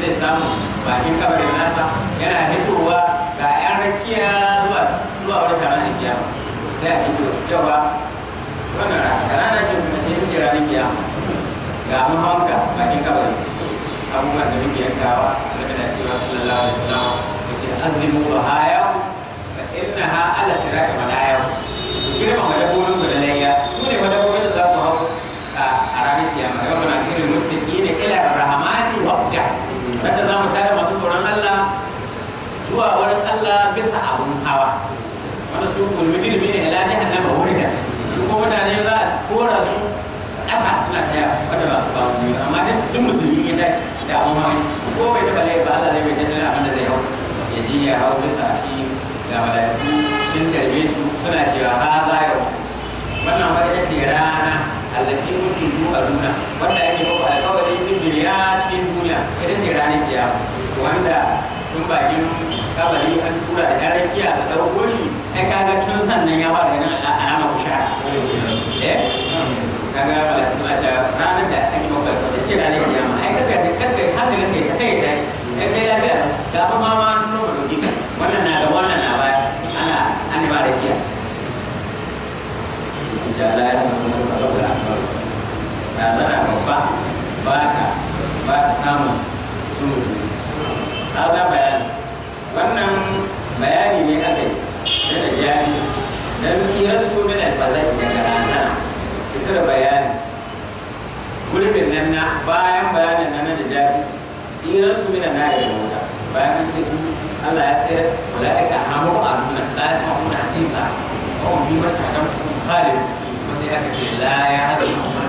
zai samu bakin kabarin nasa yana hitowa ga yan rakiya zuwa zuwa wani taron da kiyama sai a ce to yawa wannan rana ce kuma ce yin shira na ga ga mamanka bakin kabarin abubuwan da muke yankawa da na cewa sallallahu alaihi wasallam ya ce azimu wa haya fa innaha ala sirati manaya girma ga dabbobin wanda za mu tada masu tsoron Allah zuwa wurin Allah bisa abun hawa wanda su gulmi jirmi ne ila ne wuri wurida su ko mutane za a kora su ƙasa suna taya wanda ba ba su yi amma dai duk musulmi ya tashi da abun hawa ko bai taɓa laifi ba Allah zai bai tattala abin da zai hau ya ji ya hau bisa shi ga mala'iku sun darbe su suna cewa ha za yau wannan wata ce rana allati kuti tu'aduna wanda cikin duniya ita ce ranar wanda tun bakin kabari an tura da yaran kiya su ɗauko shi ai kaga tun sannan ya fara ganin alama ku sha eh? kaga a ranar da ake muku alƙawari ce ai da kai ta kai shi kai lafiya ga ba ma ma tun wannan na da wannan na baya ana an ba da kiya Allah ya razana babba ba ta ba ta samun su musulmi haza bayani wannan bayani ne aka yi da jami ba zai min albazai daga isa da bayani gurbin nan na bayan bayanin nan da jaji irasu min na da wuta bayan ce Allah ya tsira malaika hamu a nuna la kuma asisa wa hum bi mashhadam khalid ko sai aka ce la ya hadu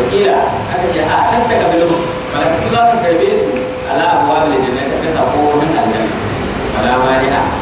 wakila aka ce a kan ta kabilu malaka za ka karbe su ala da bil jannati ka sa ko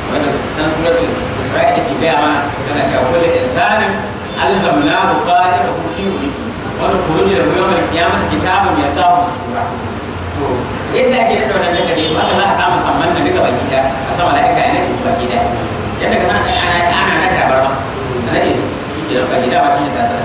wanda ta suratul isra'i take gaya mana tana cewa kullu insanin alzamnahu qa'idatan fi wulidi wanda kuruji da yawmal qiyamah kitabun yatahu to yadda ake da wannan daga ne ba za a kama samman da duka baki da a sama da aka su baki da yadda ka san ana ana da tabarma ana da su shi da baki da ba shi da sa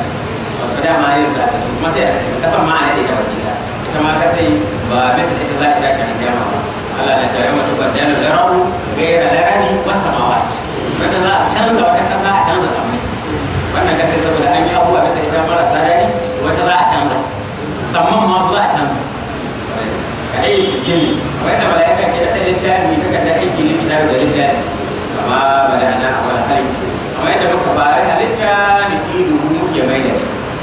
wato dama yin sa da kuma sai kasan ma ana da baki da ita ma kasai ba bisa ita za ta tashi kiyama ba Allah na tare mutu ban dana garabu gaira larani wasta mawat wanda za a canza wata kasa a canza samai wannan kasai saboda an yi abubuwa bisa ita marasa daɗi wata za a canza samman ma su za a canza ka aiki jini wanda mala'ika ke da ɗaya jami ta ka da aiki ne da rijali kama bala'ana a wani hari kamar da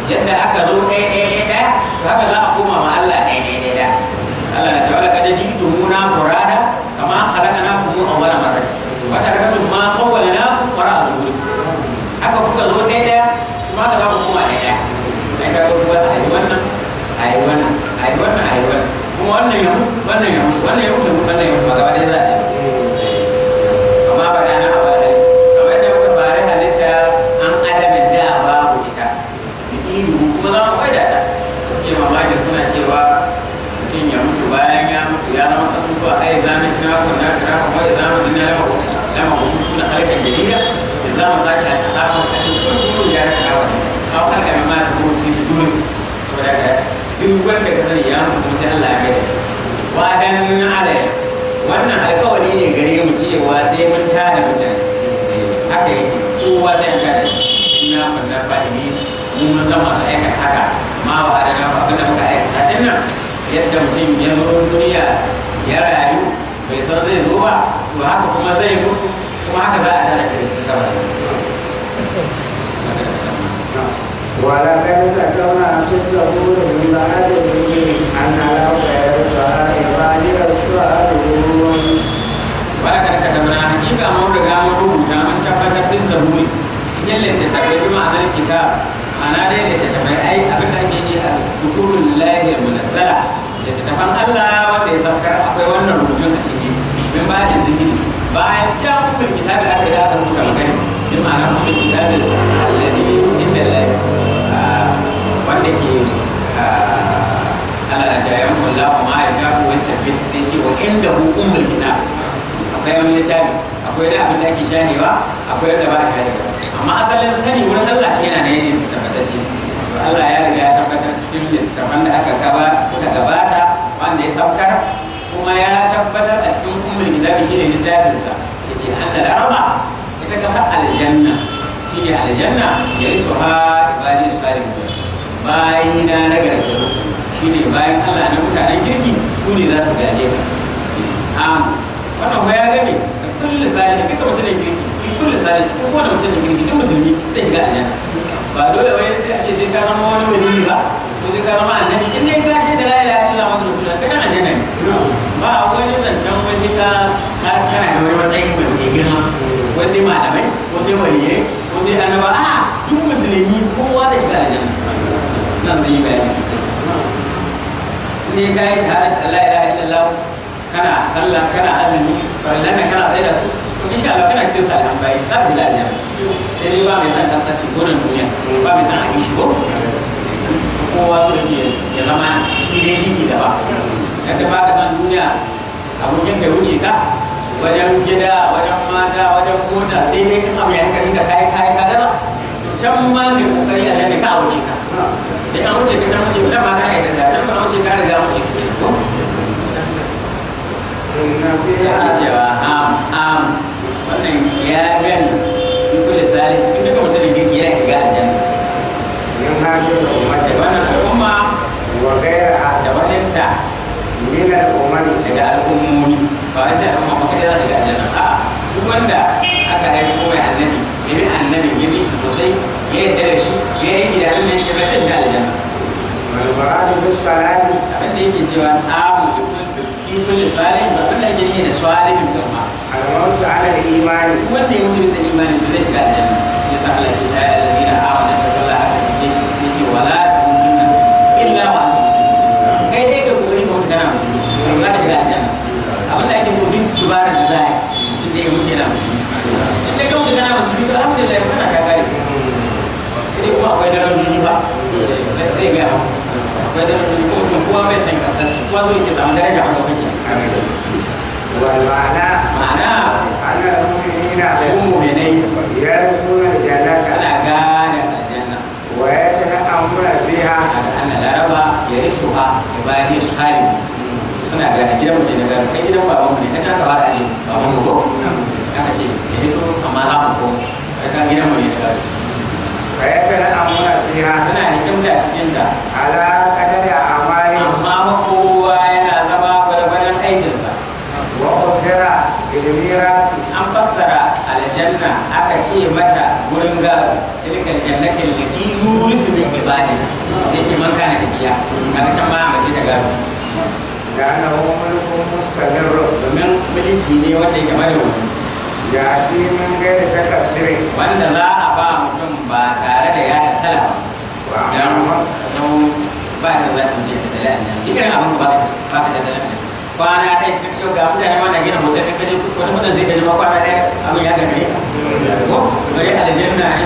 yadda aka zo ɗaya ɗaya haka za a koma ma Allah Allah na cewa laqad jitumuna a kama khalaqnakum awwala marra wa tarakatum ma khawwalnakum wara zuhuri haka kuka zo dai daya kuma ka zama kuma dai daya sai ka ga kuwa ayi wannan ayi wannan ayi wannan ayi wannan kuma wannan ya wannan ya wannan ya ba dai za كنا كنا كنا وإذا مدنا لما لما وجودنا خلقا جديدا إذا مساك الحساب والكسب فكل ذلك حاول أو خلق مما تكون في صدور ولك يقول لك سنيا مثل الله كده وأدمنا عليه wannan alkawari ne gare mu cewa sai mun tare mutane haka yake kowa zai kada ina kunna fa'imi mu mun zama su aikata haka ma ba da na abin da muka aikata yadda mutum ya duniya ya rayu bai zai zo ba to haka kuma zai haka za a tana da cikin kabarin ولقد ذكرنا في الزبور من بعد أن له غير الصلاة فاجر السؤالون كتبنا حقيقة موضع من رمضة من تفتح في الزبور cikin littattafai bi ma'anar kitab ma'ana dai littattafai ai abin da ake yi a kutubun da munazzala littattafan Allah wanda ya saukar akwai wannan rubutun a min ba da zikiri bayan ja mutum kitabi aka da aka muka magana bi ma'ana mutum kitabi alladhi inda lahi wanda ke Allah ta yi mun la kuma ya sha ko sai bi sai ce wa inda hu ummul kitab akwai wani littafi akwai da abin da ake shanewa akwai wanda ba a shanewa amma asalin sani wurin Allah shi yana to Allah ya riga ya cikin littafan da aka gaba gabata wanda ya saukar kuma ya tabbatar a cikin ummul kitabi shine littafin sa yace da arba ita kasa aljanna shine aljanna yarisuha ibadi salihin bayina na na gargaru shine bayan Allah na mutanen kirki su ne za su gaje ka am wannan ko ya gabe da kullu salihin duka mutanen kirki ki kullu salihin ko kowane mutanen kirki duk musulmi zai shiga aljanna ba dole wai sai a ce sai ka zama wani wani ba ko sai ka zama annabi in dai wai malamai ko sai waliyai ko sai annaba a duk musulmi kowa da shiga aljanna nan zai yi bayani sosai ne ga yi shahada Allah ya ilaha Allah kana sallah kana azumi farallan kana tsaye da su to insha Allah kana cikin salihan bayi za ka da aljanna sai dai ba mai san tantance gonan duniya ba mai san a yi shigo kowa yi ya zama shi ne shi ne gaba yadda ba ka nan duniya abokin ka wuce ka wajen gida wajen mata wajen mota sai dai kan abu ya ka kai kai ka dama can ma ne kokari a nan ka wuce ka da an wuce ka can wuce ka dama ka aika da can ma wuce ka riga wuce ka ke ko ya cewa am am wannan ya gan duk lisali cikin duka mutum da ya shiga a jan da wannan al'umma da wannan ta daga al'ummomi ba a sai a aka haifi ko mai annabi da shi ya da على الإيمان وأن يموت بالإيمان بذلك الجنة الذين آمنوا dubara da za a yi tun da ya muke na in da kawai kana masu biyu alhamdulillah ya fara kakari sai kuma akwai darajoji ba zai gaya akwai darajoji ko mutum kowa bai san kasance kowa so والمعنى معنى أن المؤمنين هم مؤمنين يرثون الجنة أنا قال الجنة ويتنعمون فيها أنا لا ربا يرثها عبادي الصالحين suna ga a gidan da daga kai gidan baban ne kai taka ba ne ba mu ko aka ce ya hito amma ha mu ko kai ka gidan mu ne daga fa kala tana amuna fiha suna da cikin da ala kadari amali amma kowa yana zama gwargwadon aikinsa wa qadara ilmira an fassara aljanna aka ce mata gurin gado tilkal jannatin lati nurisu min ibadina yace man kana tafiya kaga can ma mace ta gado لأنه ملك مستمر ومن ملكي ne wanda yake madawwami ya fi min gaira ta kasire wanda za a ba mutum ba tare da ya tala ba don ba da za ta je ta tala a nan ikirin abin ba ba ta. tala a kwana ta yi cikin yau ga mutane na gina hotel ɗin kaje wani mutum zai gaji ma kwana ɗaya abin ya gagare ko aljihar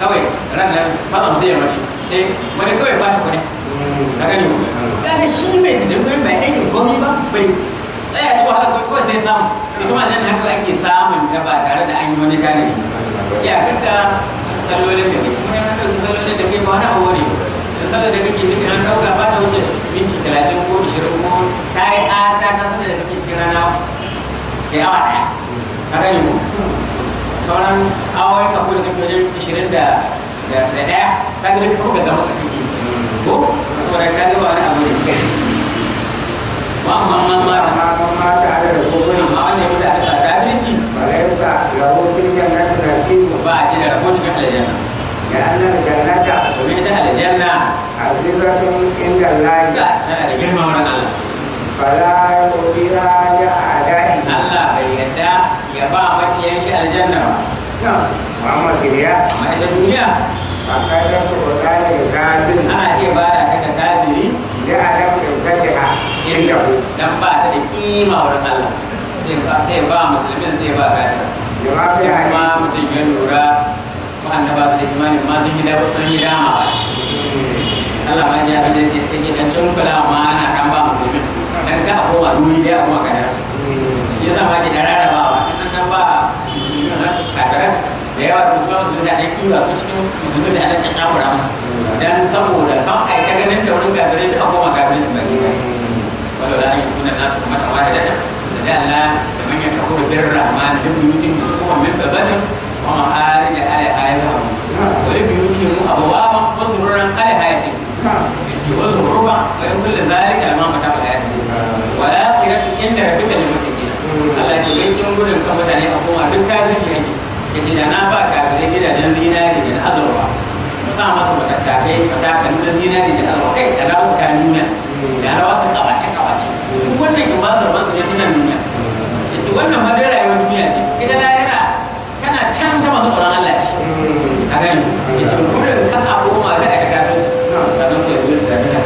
kawai ran nan malam sai ya mace sai eh, wani kawai ba shi kuɗi na mm. gani kada shi mai da gurin bai aikin gwamnati ba bai tsaya zuwa haka kawai sai samu ita ma nan haka ake samun da ba tare da an yi wani gane ya kanka sallolin da kai kuma yana ɗauki sallolin da kai ba wani abu ne sallar da kake cikin an ɗauka ba ta wuce minti talatin ko ishirin ko ta yi a ta kasar da kake cikin rana kai awa ɗaya ka gani ko sauran awon ka kuma kake wajen ishirin da da ɗaya ta ga duka saboda gama kake ko kuma da wani abu ne wa ma ma ma ma ma ma ta da ko wani ma wanda ya da aka sa kafirci ba ya sa rabo kin jannati nasibu ba a ce da aljanna ya annal domin ita aljanna azizatun inda Allah da da girma wurin Allah fala yubiha ya adai ya ba makiyan shi aljanna ba Muhammad Kiriya amma ita duniya ba ka da ko zalika kafin ana iya bara ta ga kafiri ya adam da sadiha inda dan ba ta da kima wurin Allah sai ba sai ba musulmin sai ba kafiri kuma mutum ya lura wa'anda ba su da imani ma sun yi da sun yi dama ba Allah ma ya ga da yake dan tunkula ma ana musulmin ka kuma shi yasa ba ki da rarrabawa in nan ba musulmi na kakarar da yawa da kuma musulmi da ɗan tura su cikin musulmi dan saboda kan a yi ta ganin da wurin kafirai da abubuwan kafirai su baki da wala la yi kuna nasu kuma ta wahida da da Allah da manyan kakuru bin rahman da buyutin musu kuma min babani kuma hari da ala haya zahabu wani buyutin mu abuwa ma wasu ruran ala haya ne ke wasu ruba bayan kullum zalika lamma mata ba haya ne wala kira inda rabbika lil Allah ce yin cin gudun kan mutane a koma duk kafirci yake ya ce da na ba kafirai gidajen zinari da azurwa mu sa masu ta fatakan da zinari da azurwa kai da rawa su ta nuna da rawa su kawace kawace su wannan in ba su rabansu ne suna nuna ya ce wannan ma dai rayuwar duniya ce ita da yana tana can ta masu tsoron Allah ce a gani ya ce gudun kan a koma da aka kafirci da zan kai zuwa da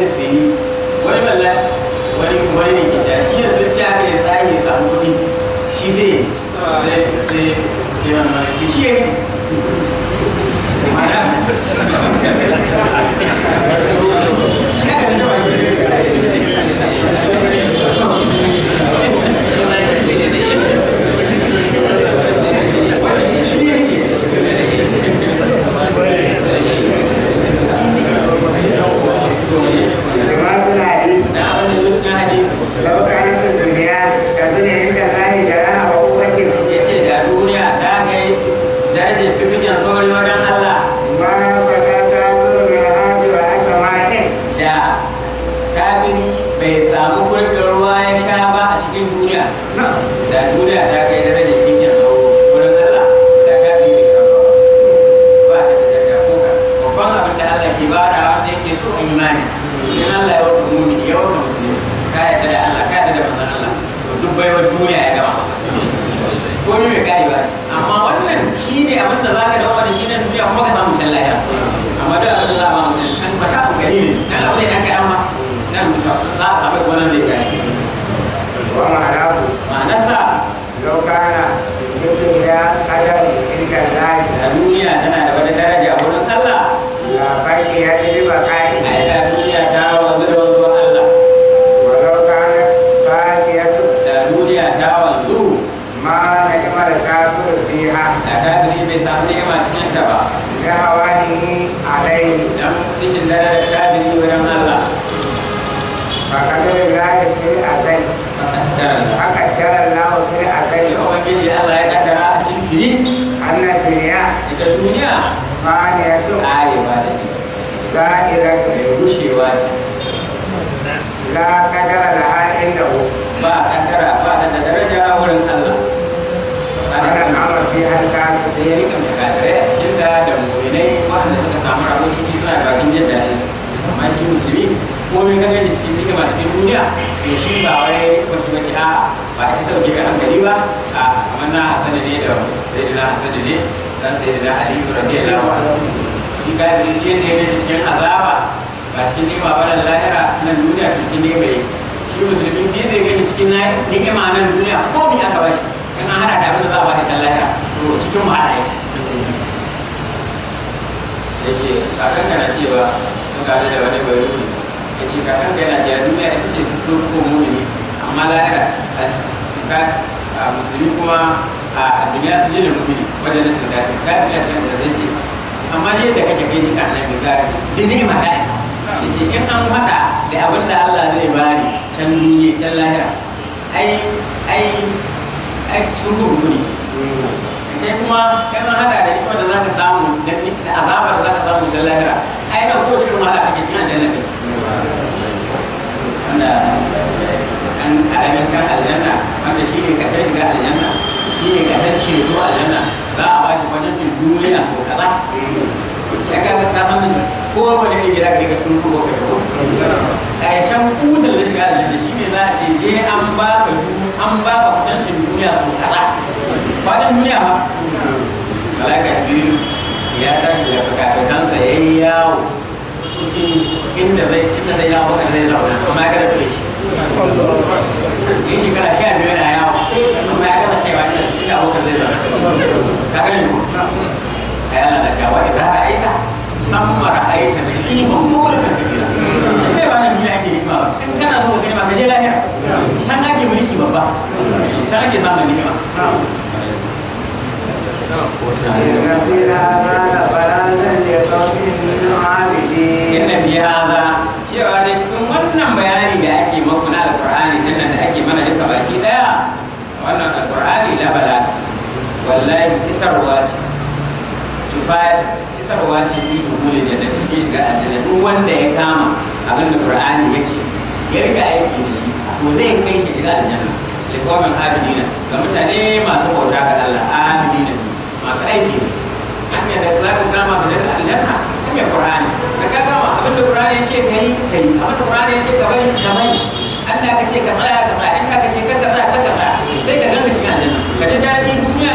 je su yi wani balla wani wani ne ke shi yanzu ci ya samu kuɗi shi zai yi sai sayyidina ali radiyallahu anhu shi kafiri shi ne cikin azaba ba cikin ni'ima ba nan lahira nan duniya cikin ni'ima yake shi musulmi shi ne yake cikin ni'ima nan duniya ko mi aka bashi in an hada da abin da za a bashi can lahira to cikin wahala yake yace kakan kana cewa sun gane da wani bai rubuta yace kakan kana cewa duniya ita ce su ko musulmi kuma a duniya su jinin mu'mini wajen na tilgari gari ya da zai ce amma ne da kake kai jika na gari da ne ma ta isa ya ce in an faɗa da abin da Allah zai bari can duniya can lahira ai ai ai cikin kurkuri kai kuma da ikon da za ka samu da azabar da za ka samu can lahira ai na ko cikin wahala kake cikin aljanna kake wanda an aljanna wanda shi ne kashe shiga aljanna shi ne a janna za a ba shi gwamnatin duniya sau kaza ya ga ta san ko wani ne gida ga sun ka yau ƙarshen kutar da shiga aljanna shi ne za a ce je an ba ka an ba ka duniya sau kaza faɗin duniya ba malaka biyu ya tashi da fakafikansa ya yi yawo cikin inda zai inda zai zai zauna amma ya kada shi ya shekara sha biyu na abokan zai zama ka gani ko ai ana da cewa idza ra'aita samma ra'aita min ilmin mulkan kabira kai ba nan gina ake nima ba in kana so ka nima ka je lahira can في هذا لبلاغا لقوم عابدين إن في هذا cewa da cikin wannan bayani da ake makuna alkur'ani din nan da ake mana duka baki daya wallahi isarwa ce kifaya isarwa ce ni dubulin da ta cikin shiga aljanna duk wanda ya kama abin da qur'ani ya ce ya riga aiki da shi to zai kai shi shiga aljanna liqaman abidina ga mutane masu bauta ga Allah abidina masu aiki ne amma da za ka kama da aljanna hanya qur'ani da ka kama abin da qur'ani ya ce kai kai abin da qur'ani ya ce ka bari ka bari Allah ka ce ka tsaya ka tsaya in ka ce ka tsaya ka tsaya sai ka ganga cikin aljanna ka ji dadi duniya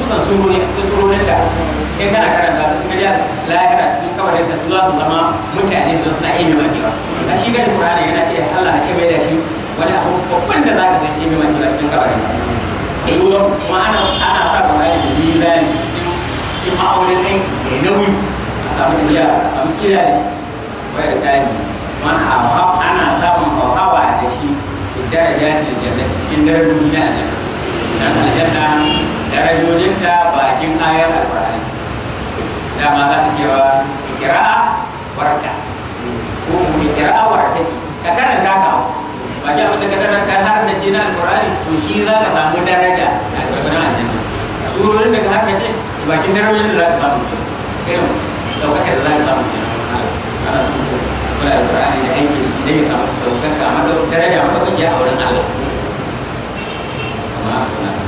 kusan surorin da surorin da in kana karanta cikin zuwa su zama mutane da suna iya mimaki ba a shi gani qur'ani yana Allah ya da shi wani abu da zaka ga cikin ka lura ana ana sa da mizani cikin ma'aunin da nauyi a samu tafiya a samu da shi wayar tani man hawa ana samun hawa da shi da da cikin darajoji na darajojinta bakin ayar alƙur'ani dama za ta cewa ikira'a warka ko ikira'a warka ka karanta ka ba ji abin da ka karanta har da ce na alƙur'ani to za ka samu daraja a ƙarƙashin aljanna surorin da ka har da ce bakin darajojin da za ka samu irin ɗaukakar da za ka samu ana samun kula alƙur'ani shi ne ya samu daraja a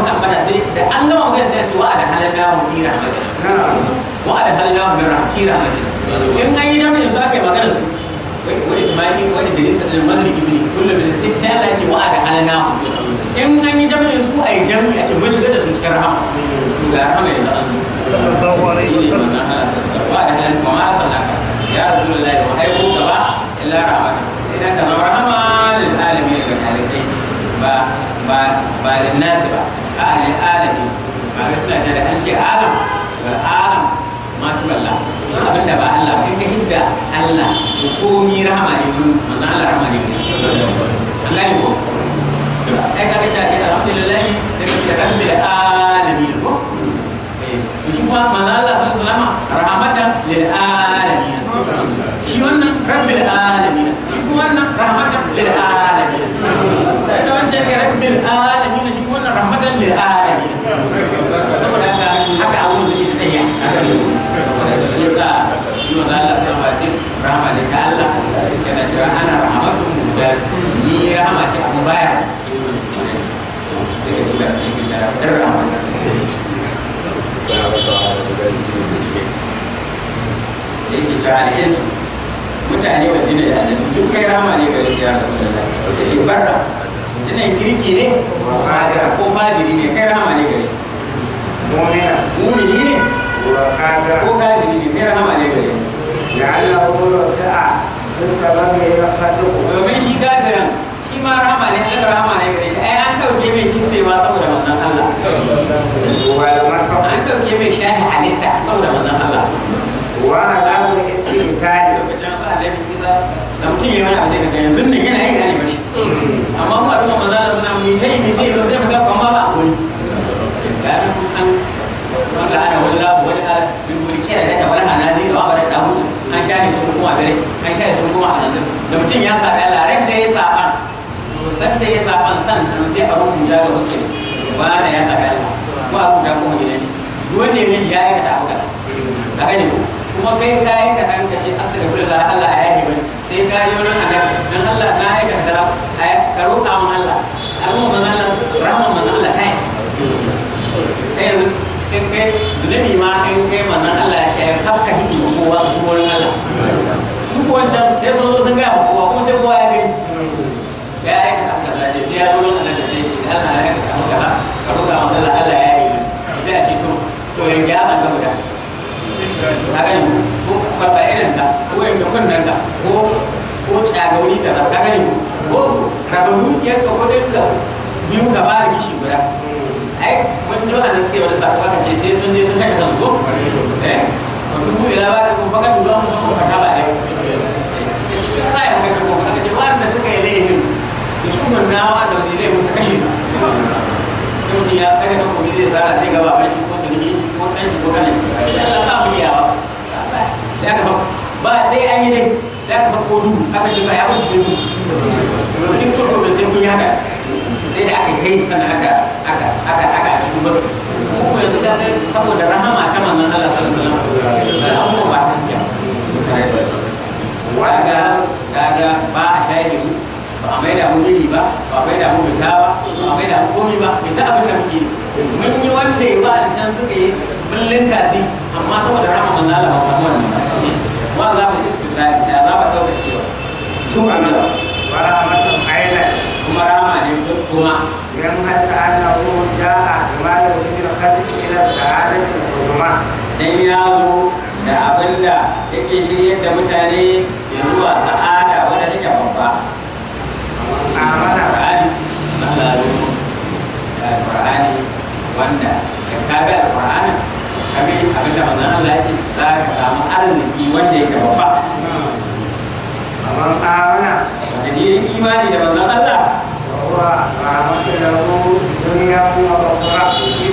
lahu fi rahmatina wa adhalnahu bi rahmatina rahmatina in an yi jami'in su aka yi magana su wa isma'il wa idris da malik ibn kullu min sai Allah ya ce wa adhalnahu in an yi jami'in su ai jami'i a ce mun shiga da cikin rahama to ga rahama ne da Allah sallallahu alaihi wasallam wa adhalnahu wa ma arsalnaka ga suna ta an ce alam wal alam masu balla abin da ba Allah kai ka Allah ko komi rahama ne manzo Allah rahama ne ko ai ka ga ta alhamdulillah da rabbil alamin ko eh, shi kuma manzo Allah sallallahu alaihi wasallam lil alamin shi wannan rabbil alamin shi kuma wannan lil alamin sai rabbil alamin shi kuma wannan lil alamin rahama ne ta Allah yana cewa ana rahamatun mudar ni rahama ce baya yake al'insu mutane da annabi duk kai ne gare shi ya da barra kirki ne ko ne kai ne gare shi mumina mumini ne ko ne kai ne gare shi la'allahu raja'a in sababi ya fasiku domin shi gafiran ma rahama ne Allah rahama ne gare an dauke mai kisbe ma saboda manzon Allah an dauke mai shahi halitta saboda manzon Allah wa halalu istisali lokacin Allah da mutum ya wani abu da yanzu ne yana yi gane mashi kafirai an shaye sun goma a nan da mutum ya saɓi Allah ran da ya saɓan to san da ya saɓan sannan a ba da ya Allah ko a gidan shi ya yi a gani kuma kai ka yi kaɗan ka Allah ya yi sai ka yi wani dan Allah na ka roƙa mun Allah Allah mun Allah mun Allah kai kai kai ma kai Allah ya ce kafka hidi Allah ko wancan sai sun zo sun gaya ma kowa kuma sai kowa ya gani ya yi ka kan kaza sai ya zo da zai ce da Allah ya ka kaza ka roƙa wa Allah Allah ya yi sai a ce to to yin gyara ga guda ka gani ko babba irin ta ko yin da nan ta ko ko tsagauri ka ka gani ko rabin dukiyar ka ko dai ka biyu ka ba da shi guda ai wani jama'a da suke wani sakamakon ce sai sun je sun kashe kansu ko eh? mutum da labarin ko baka tura musu ko ka kaba ai kai ka ga ko ka ce wanda suka yi laifin da su gunna wanda su laifin su kashe su mutum ya kai da kuma zai zara sai gaba ba shi ko su nike shi ko kan shi ko kan shi Allah ba mu iya ba ya ka ba sai an yi ne sai ka san ko duhu aka ce ba ya wuce duhu in turko da sai kun haka sai da aka kai sana aka aka aka aka a cikin masu kuma yanzu da saboda rahama ta manzan Allah sallallahu alaihi wasallam an ba ta siya kaga kaga ba a shayi ba a maida mu gini ba ba a maida mu fita ba ba a maida mu komi ba ta abin da muke mun yi wanda ya ba can suka yi mun linka si amma saboda rahama manzan Allah ba samu wannan ba za mu yi da za mu dauka cewa to Allah ورحمة عينا كما رحمة لكما يمس أنه جاء بما يوجب الخلق إلى السعادة والخصومة dan ya da abin da yake shiryar da mutane ya zuwa sa'ada wadda take babba amana qur'ani Allah ya qur'ani wanda da kaga alqur'ani kabi abin da manzon Allah ya ce za ka samu arziki wanda yake babba amman amana ni yi imani da manzon Allah shi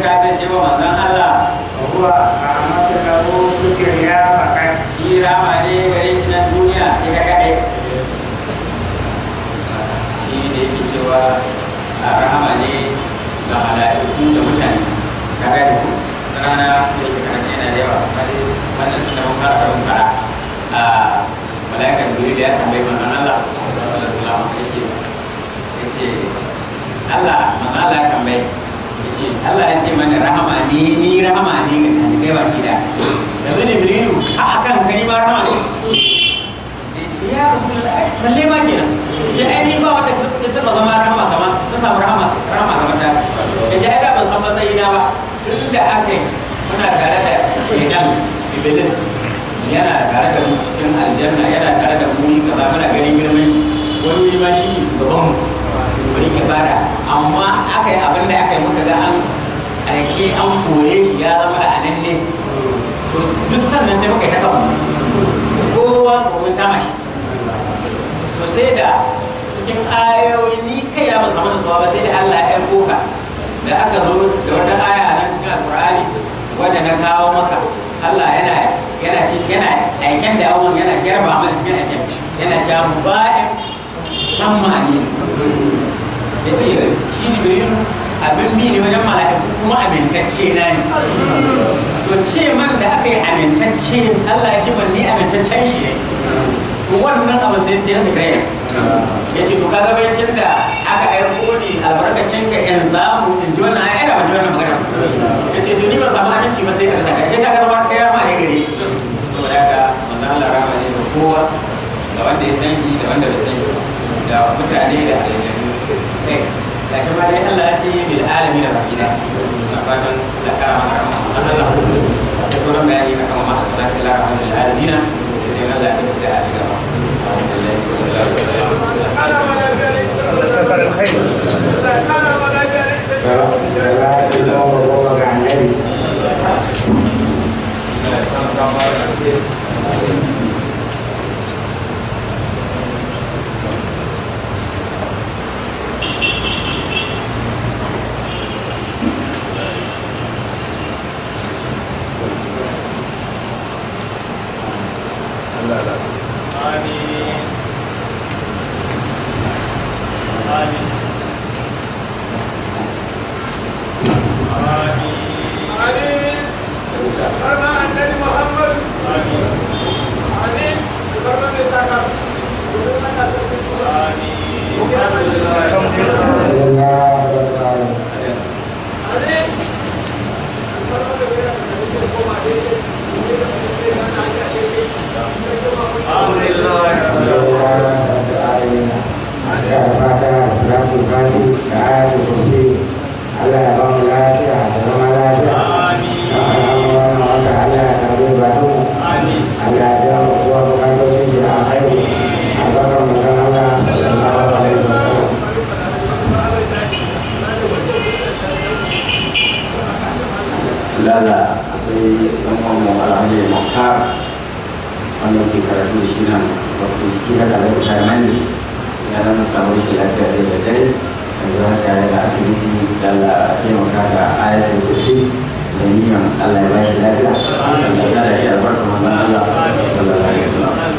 da a malaikan da ya manzon Allah sallallahu alaihi wasallam yace yace Allah manzon Allah ya yace Allah ya ce mana rahama ni rahama ga kai baki da a akan kai ma rahama yace ya ma ai ni ba wata ta zama rahama kama ta samu rahama rahama yace ai da ban san ba da muna tare da shedan iblis yana tare da mu cikin aljanna yana tare da mu ka ba mana gari girman shi wani wuri ma shi ne shugaban mu wani bada amma aka yi abin da akai muka ga an ashe an kore shi ya zama da anan ne duk sannan sai muka yi ta kan kowa mun ta mashi to sai da cikin ayoyi ni kai ya ba samu zuwa ba sai da Allah ya koka da aka zo da wata aya nan cikin alƙur'ani wanda na kawo maka Allah yana yana ci yana aiken da yawon yana girba mana cikin aiken yana cewa mubarak sammani ya ce shi ne bai abin mi ne wajen mala'iku kuma amintacce na ne to ce man da aka yi amintacce Allah ya ce ban ni amintaccen shi ne Wani nan abu sai ta yasa kai ya ce to kaga bai cin da aka aiko ni albarkacin ka yan zamu. in ji wannan ai da ban ji wannan magana ya ce to ni ba samu aminci ba sai ka da kai ka ga ba kai ma ne gare saboda haka manzo Allah rahama ne ga kowa da wanda ya san shi da wanda bai san shi da mutane da aljanu kai eh, gashi ma dai Allah ya ce bil alamin rahina na fatan da karama karama Allah ya sauran bayani akan ma'a sallallahu alaihi da sallam Allah ya tabbata a ci gaba. Alhamdulillah. abin da ya fara wannan ke karatu da shi na wato jiki na ɗalar shaman ne ya zama samun shi lafiya da da dare yanzu haka ya da asibiti da la da ayatul kursi da niyan Allah ya ba shi lafiya da ta da Allah sallallahu alaihi wasallam.